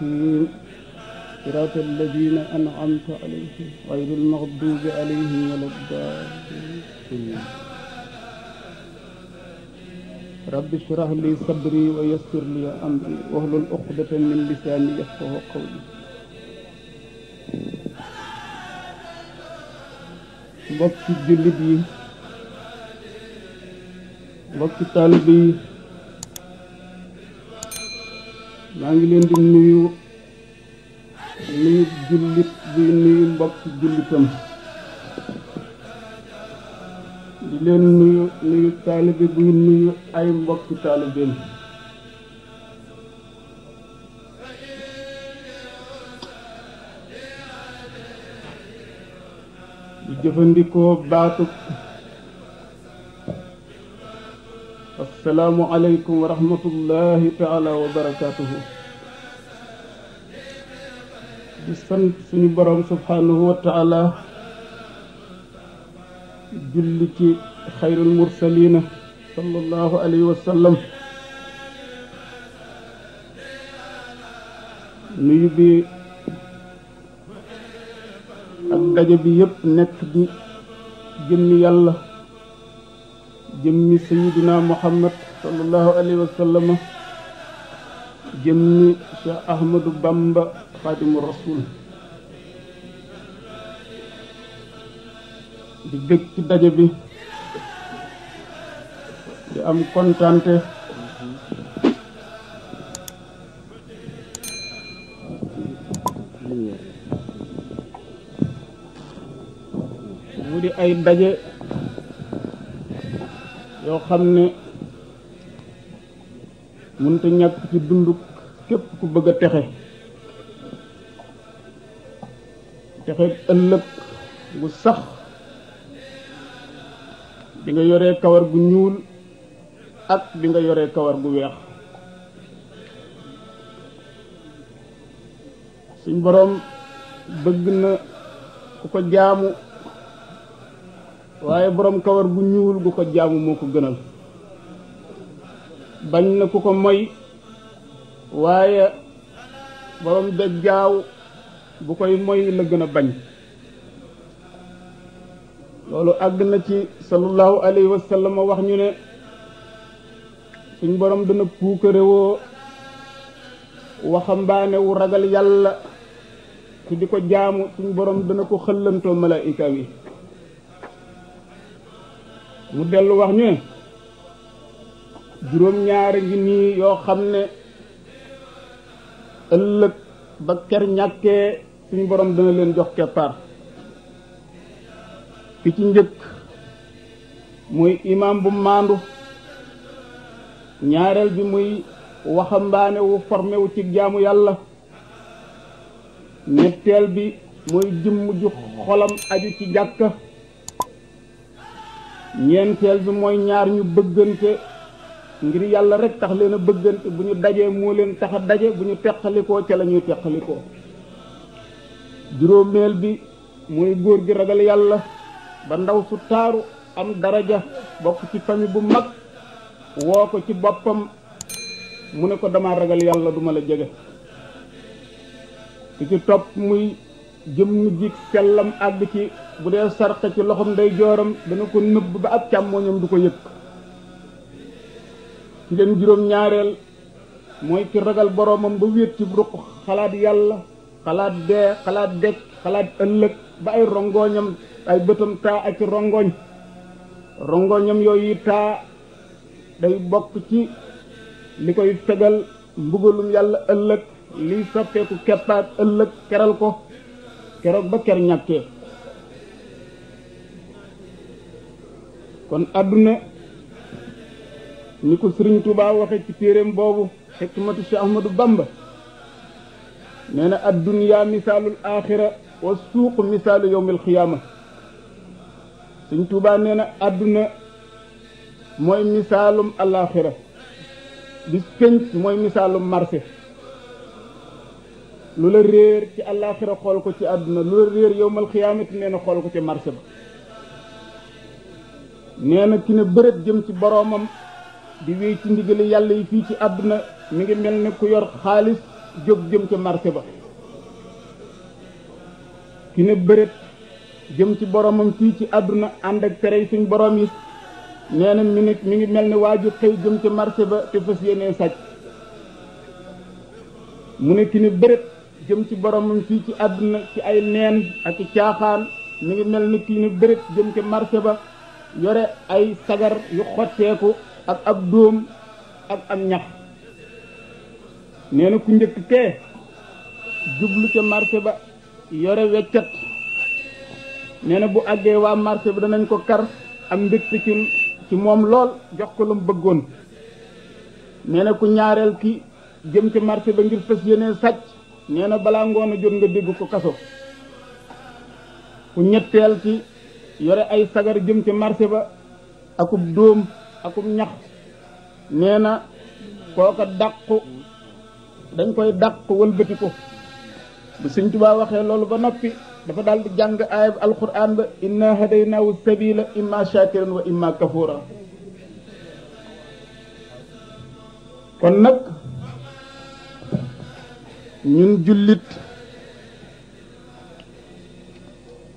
صراط الذين أنعمت عليهم غير المغضوب عليهم ولا الضالين رب اشرح لي صدري ويسر لي أمري واحلل عقدة من لساني يفقه قولي وقت جلدي وقت طالبي maa ngi leen di nuyu nuyu jullit bi nuyu mbokk jullitam di leen nuyu nuyu taalibe buy nuyu ay mbokk taalibeem di jëfandikoo baatu asalaamu aleykum wa rahmatullahi taala julli ci xayrul mursalina sallallahu alayhi wa bi ak daje bi yëpp nekk di jëmmi yàlla jëmmi sayiduna muhammad sallallahu alayhi wa jëmmi cheikh ahmadou bamba xaadimu rasul di bëgg ci daje bi di am kontante mu di ay daje yoo xam ne mënta ñàkk ci dund képp ku bëgg a texe texe ëllëg gu sax bi nga yoree kawar gu ñuul ak bi nga yoree kawar gu weex suñ boroom bëgg na ku ko jaamu waaye borom kawar gu ñuul gu ko jaamu moo ko gënal bañ na ku ko moy waaye borom dëgg jaaw bu koy moy la gën a bañ loolu àgg na ci sallallahu alayhi wa sallam wax ñu ne suñ borom dana puukarewoo waxambaane wu ragal yàlla ku di ko jaamu suñ borom dana ko xëllantoo malaayika yi mu dellu wax ñu ne juróom-ñaar ngi nii yoo xam ne ëllëg ba ker ñàkkee suñu borom dana leen jox keppaar fi ci njëkk muy imaam bu maandu ñaareel bi muy waxambaane wu formé ci jaamu yàlla ñetteel bi muy jëmm ju xolam aju ci jàkka ñeenteel bi mooy ñaar ñu bëggante ngir yàlla rek tax leen a bëggante bu ñu dajee moo leen tax daje bu ñu teqalikoo ca la ñuy teqalikoo juróomeel bi mooy góor gi ragal yàlla ba ndaw su taaru am daraja bokk ci famille bu mag woo ko ci boppam mu ne ko dama ragal yàlla duma la jege ki ci topp muy jëm mu jiit àgg ci bu dee sarxe ci loxom day jooram dana ko nëbb ba ab càmmooñam du ko yëg ci dem juróom ñaareel mooy ki ragal boroomam ba wéet ci ruq xalaat yàlla xalaat dee xalaat dekk xalaat ëllëg ba ay rongoñam ay bëtam taa ak rongoñ rongoñam yooyu taa day bokk ci li koy fegal mbugalum yàlla ëllëg liy soppeeku keppaat ëllëg keral ko keroog ba ker ñàkkee kon àdduna ni ko sëriñ Touba waxe ci téeréem boobu xikmatu Cheikh Ahmadou Bamba nee na adduniya misaalul axira wa suuq misaalu yowmil xiyaama sëriñ Touba nee na àdduna mooy misaalum alaxira bis penc mooy misaalum marché lu la réer ci alaxira xool ko ci àdduna lu la réer yowmal xiyaamati nee na xool ko ci marché ba nee na ki ne bërët jëm ci boroomam di wéy ci ndigali yàlla yi fii ci àdduna mi ngi mel ni ku yor xaalis jóg jëm ca marché ba ki ne bërët jëm ci boroomam fii ci àdduna ànd ak tere yi suñ boroom yi nee mi nit mi ngi mel ni waa ji xëy jëm ca marché ba te fas yéenee sàcc mu ne ki ne bërët jëm ci boroomam fii ci àdduna ci ay neen ak caaxaan mi ngi mel ni ki ne bërët jëm ca marché ba yore ay sagar yu xotteeku ak ab dóom ak am ñax nee na ku njëkk kee jublu ca marché ba yore weccat nee na bu àggee waa marché bi danañ ko kar am mbégte ki ci moom lool jox ko lu bëggoon nee na ku ñaareel ki jëm ci marché ba ngir fas yéene sàcc nee na balaa ngoon a jot nga dégg ko kaso ku ñetteel ki yore ay sagar jëm ci marché ba akub dóom akub ñax nee na kooka dàqu dañ koy dàq wëlbati ko bu Sëñ Tuubaa waxee loolu ba noppi dafa daal di jàng aayab alquran ba inna hadaynaahu sabila imma shakiran wa imma kafura kon nag ñun jullit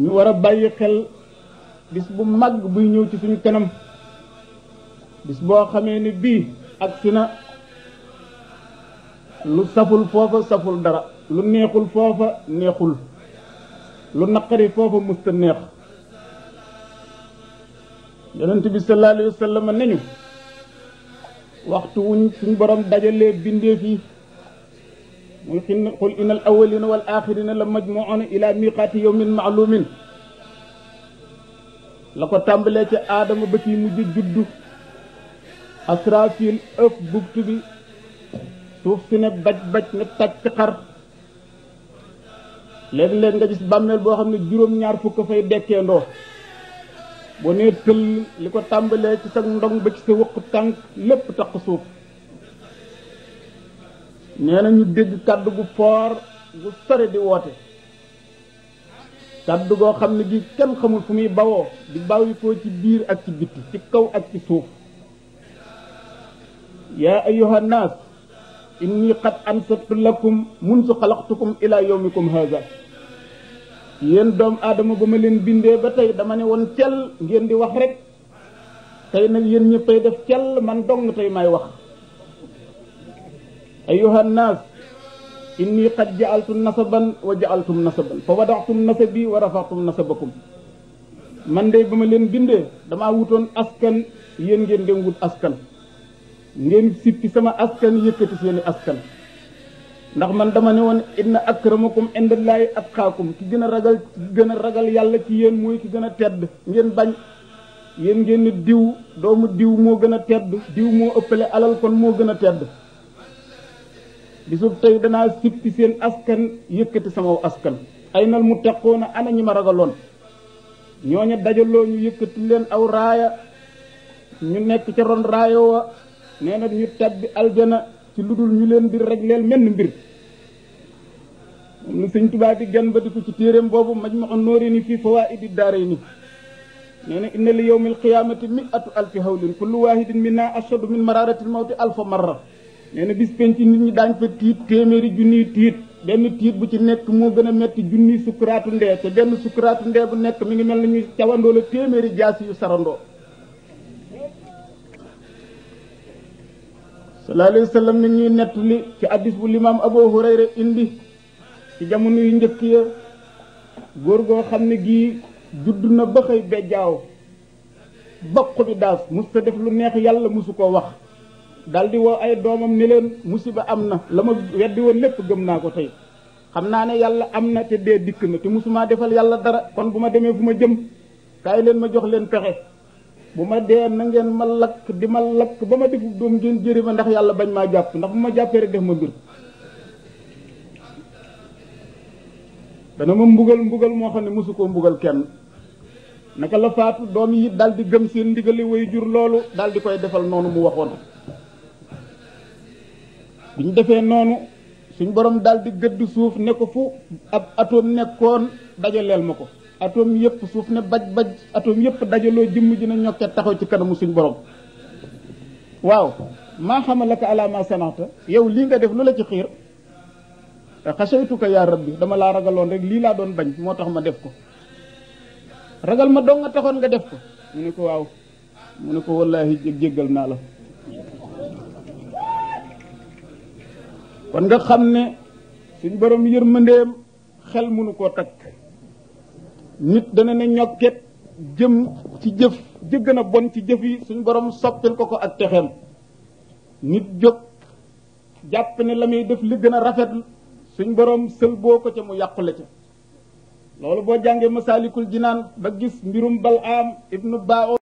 ñu war a bàyyi xel bis bu mag buy ñëw ci suñu kanam bis boo xamee ni bii ak si na lu saful foofa saful dara lu neexul foofa neexul lu naqari foofa musta neex yonent bi sallallahu alayhi wa sallam nañu waxtu wuñ suñ borom dajalee bindeef yi muy xin qul inal awalina wal axirina la majmuuna ila miqaati yawmin maalumin la ko tàmbalee ci aadama ba ci mujj juddu asrafil ëpp bugtu bi suuf si ne baj baj ne tàcc xar léeg-léeg nga gis bàmmeel boo xam ne juróom-ñaar fukk fay dekkee ndoo boo nee tëll li ko tàmbalee ci sa ndong ba ci sa wëq tànk lépp taq suuf nee na ñu dégg kàddu gu foor gu sore di woote tabdu go xamni gi kenn xamul fu muy bawoo di bàyyi koo ci biir ak ci bitti ci kaw ak ci suuf ya ayuha الناس inni qad أنصت lakum منذ خلقتكم ila yawmikum هذا yen doom aadama ba ma leen bindee ba tey dama ne won cell ngeen di wax rek tey nag yen ñëppay def cell man dong tey may wax ayuha nas inni qad ja'altu nasaban wa ja'altum nasaban fa wadaxtum nasabi wa rafaxtum nasabakum man de ba ma leen bindee damaa wutoon askan yéen ngeen dem wut askan ngeen sippi sama askan yëkkati seeni askan ndax man dama ne woon ak inna akramakum indallaahi atqaakum ki gën a ragal ki gën a ragal yàlla ci yéen mooy ki gën a tedd ngeen bañ yéen ngeen diw doomu diw moo gën a tedd diw moo ëppale alal kon moo gën a tedd bisub tey danaa sippi seen askan yëkkati sama askan ay nal mu teqoona ana ñi ma ragaloon ñooñu dajaloo ñu yëkkati leen aw raaya ñu nekk ca ron raaya wa nee na ñu tabbi aljana ci lu ñu leen di regleel menn mbir moom la sëñ di gan ba di ko ci téeréem boobu Majmahun Nuurayni fii Fawaa'idi Daarayni nee na inna li yawmil qiyaamati mi'atu alfi hawlin kullu waahidin minna ashaddu min maraaratil mawti alfa marra nee na bis penc nit ñi daañ fa tiit téeméeri junniy tiit benn tiit bu ci nekk moo gën a metti junniy sukkuraatu ndee te benn sukkuraatu ndee bu nekk mi ngi mel na ñuy cawandoo la téeméeri jaasi yu sarandoo sallallahu alayhi wa ñuy nettali ci addis bu limaam Abu Hurayra indi ci jamono yu njëkk ya góor goo xam ne gi judd na ba xëy bejjaaw bokk bi daas mos ta def lu neex yàlla mosu koo wax dal di woo ay doomam ni leen musiba am na la ma weddi woon lépp gëm naa ko tey xam naa ne yàlla am na te dee dikk na te musumaa defal yàlla dara kon bu ma demee fu ma jëm kaay leen ma jox leen pexe bu ma dee na ngeen ma lakk di ma lakk ba ma defu doom ngeen jëri ma ndax yàlla bañ maa jàpp ndax bu ma jàppee rek def ma mbir dana ma mbugal mbugal moo xam ne mosu koo mbugal kenn naka la faatu doom yi dal di gëm seen ndigali way jur loolu dal di koy defal noonu mu waxoon biñ defee noonu suñ borom daal di gëdd suuf ne ko fu ab atome nekkoon dajaleel ma ko atome yëpp suuf ne baj baj atome yëpp dajaloo jëmm ji na ñokkee taxaw ci kanamu suñ borom waaw maa xamalaka ala ma sanata yow lii nga def lu la ci xiir xasaytuka yaa rabbi dama laa ragaloon rek lii laa doon bañ moo tax ma def ko ragal ma dong nga taxoon nga def ko mu ne ko waaw mu ne ko wallaahi jéggal naa la kon nga xam ne suñ borom yërmandeem xel mënu koo takk nit dana ne ñokket jëm ci jëf ji na bon ci jëf yi suñ borom soppil ko ko ak texeem nit jóg jàpp ne la muy def li gën a rafet suñ boroom sël boo ko ca mu yàqule ca loolu boo jàngee masaalikul jinaan ba gis mbirum balaam ibnu bao